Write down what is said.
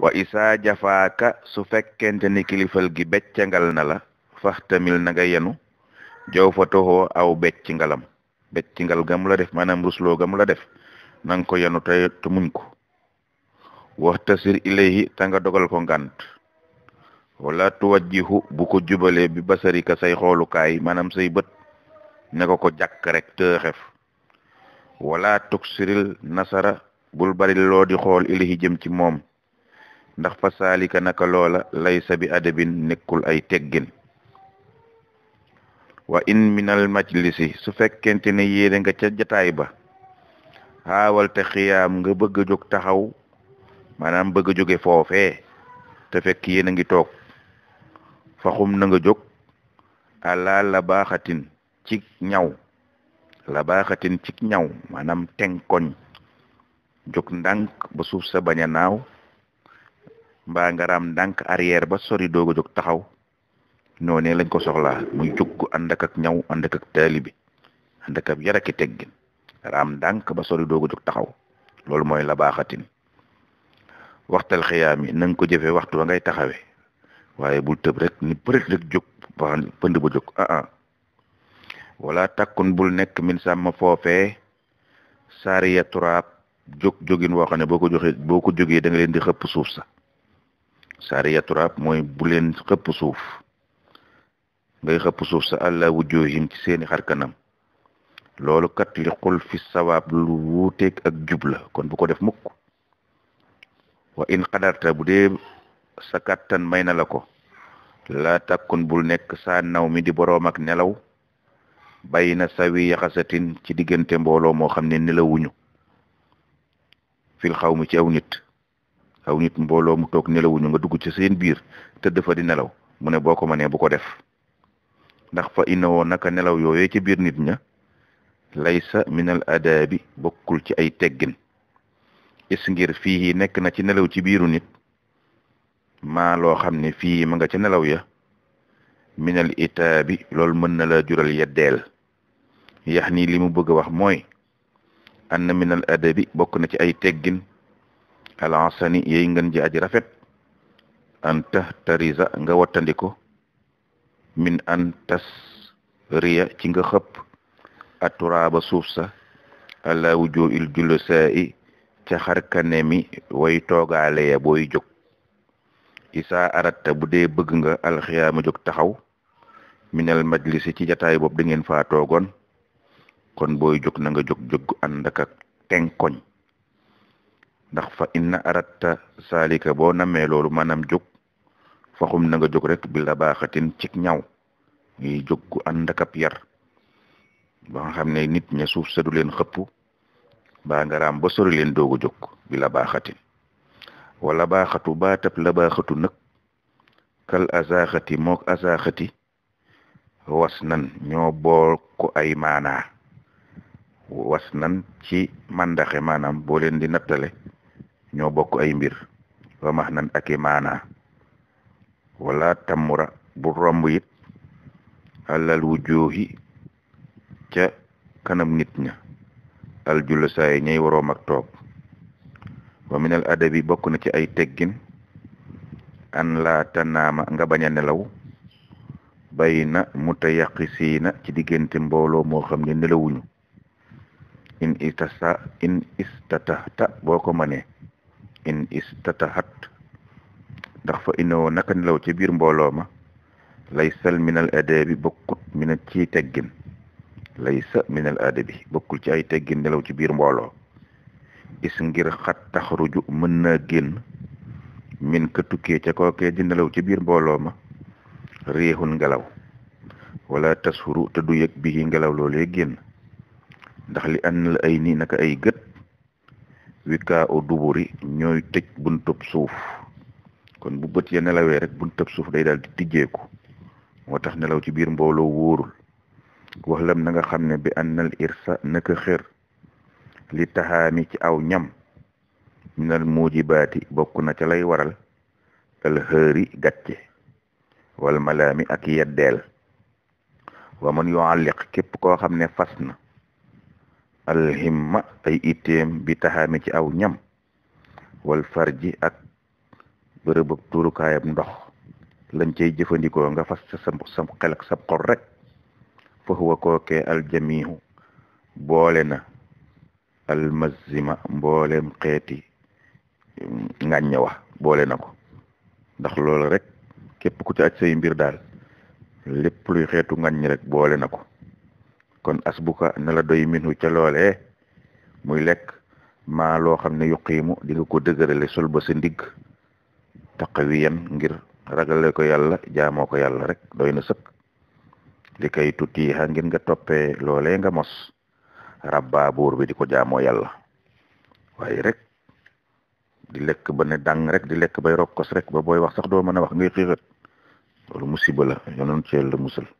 wa isaa jafaaka su fekkente ni kilifal gi beccangal na la faxtamil na nga yenu jow fa toxoo aw becc ngalam becc ngal gam la def maanaam rusloo gam la def na ko yenu te te muñ ko waxtasir ilayhi ta nga dogal ko ngant wala tuwajjihu bu ko jubalee bi basarika say xoolukaay maanaam say bët ne ko ko jàkk rek tëxef wala tuksiril nasara bul bari loo xool ilayhi jëm ci moom ndax fa saalika naka loola laysa bi adabin nekkul ay teggin wa in minal majlisi su fekkente ne yéene nga ca jataay ba xaawal te xiyaam nga bëgg a jóg taxaw maanaam bëgg a jóge foofee te fekk yéen a ngi toog faxum na nga jóg àla la baaxatin ci ñaw la baaxatin ci ñaw maanaam tenkoñ jóg ndànk ba suuf sa bañ a naaw mbaa nga raam ndànk arrière ba sori doog a taxaw noonee lañ ko soxlaa muy jugg ànd ak ak ñaw ànd ak ak taalibi ànd ak ab yaraki teggin raam ndànk ba sori doog a taxaw loolu mooy la baaxatin waxtal xiyaam yi na ko jëfee waxtu ba ngay taxawee waaye bul tëb rek ni përët rek ba pënd ba jóg ah, ah wala takkun bul nekk min sàmm foofee saariya turaab jóg jógin woo xam ne boo ko joxee boo ko jógee da leen di xëpp suuf sa saariyatu raab mooy buleen xëpp suuf ngay xëpp suuf sa àlla wujjoohim ci seeni xarkanam loolu kat li xul fi sawaab lu wuuteeg ak jubla kon bu ko def mukk wa in xadarta bu dee sa kàttan may na la ko laa takkun bul nekk saa naw mi di boroom ak nelaw bàyyi na sawi yaxasatin ci diggante mbooloo moo xam ne nelawuñu fil xaw mi ci aw nit aw nit mbooloo mu toog nelawuñu nga dugg ci seen biir tëdd fa di nelaw mu ne boo ko mënee bu ko def ndax fa innawoo naka nelaw yooyee ci biir nit ña laysa minal adaabi bokkul ci ay teggin is ngir fii nekk na ci nelaw ci biiru nit maa loo xam ne fii ma nga ci nelaw ya minal itaabi loolu mën na la jural yeddeel yax ni li bëgg wax mooy na minal adabi bokk na ci ay teggin alasani yey ngeen ji aji rafet an tahtariza nga wattandiko min an tas riya ci nga xëpp aturaaba suuf sa ala wujoo il jullo saa i ca xarkane mi way toogaale ya booy jóg sa aratta bu dee bëgg nga alxiyaama jóg taxaw minal majlisi ci jataay boobu da ngeen faa toogoon kon booy jóg na nga jóg jóg ànd ak tenkoñ ndax fa inna aratta saalika boo namee loolu maanaam jóg faxum na nga jóg rek bi la baaxatin cig ñaw ngi jóg gu ànd ak ab yar ba nga xam ne nit ña suuf sa leen xëppu baa nga raam ba sori leen doog a jóg bi la baaxatin wala baaxatu baatab la baaxatu nag kal azaaxati mook azaaxati was nan ñoo bool ko ay maanaa was nan ci màndaxe maanaam boo leen di nattale ñoo bokk ay mbir wa max nan ak i maanaa wala tamura bu romb it alal wujuhi ca kanam nit ña aljulusaay ñay waroom ak toog wa minal adabi bokk na ci ay teggin an laa tanaama nga bañ a nelaw bay na mutayaqisiina ci diggante mbooloo moo xam ne nelawuñu in istata in boo ko mënee in istatahat ndax fa innoo naka nelaw ca biir mbooloo ma laysa minal adabi bokkut mina ci teggin lay laysa minal adabi bokkul ci ay teggin nelaw ci biir mbooloo is ngir xat taxruju mën na génn min ka tukkee ca kookee di nelaw ci biir mbooloo ma réexun ngelaw wala tasfuru te du yëg bii ngelaw loolee génn ndax li ànd la ay nii naka ay gët wikkaa o duburi ñooy tëj buntub suuf kon bu bët ya nelawee rek buntub suuf day daal di tijjeeku moo tax nelaw ci biir mbooloo wóorul wax lam na nga xam ne bi annal irsa naka xër li taxaami ci aw ñam minal muujibaati bokk na ca lay waral al xëri gàcce wal malaami ak yeddeel wa man yualliq képp koo xam ne fas na alhimma ay itteem bi taxaami ci aw ñam wal farji ak bërëb ak tuurukaayam ndox lañ cay jëfandikoo nga fas sa sam xol rek fa huwa kookee aljamihu boole na almazima mboolem xeeti ngàññe wax boole na ko ndax loolu rek képp ku ci say mbir daal lépp luy xeetu ngàññ rek boole na ko kon asbuka na la doy min ca loole muy lekk maa loo xam ne yuqiimu di nga ko dëgërale sol ba sa ndigg taqawiyan ngir ragale ko yàlla jaamoo ko yàlla rek doy na sëkk di kay tutiixa ngir nga toppee loole nga mos rabba buur bi di ko jaamoo yàlla waaye rek di lekk ba ne dang rek di lekk bay rokkos rek ba booy wax sax doo mën a wax ngay xiixat loolu musiba la yonoon ci la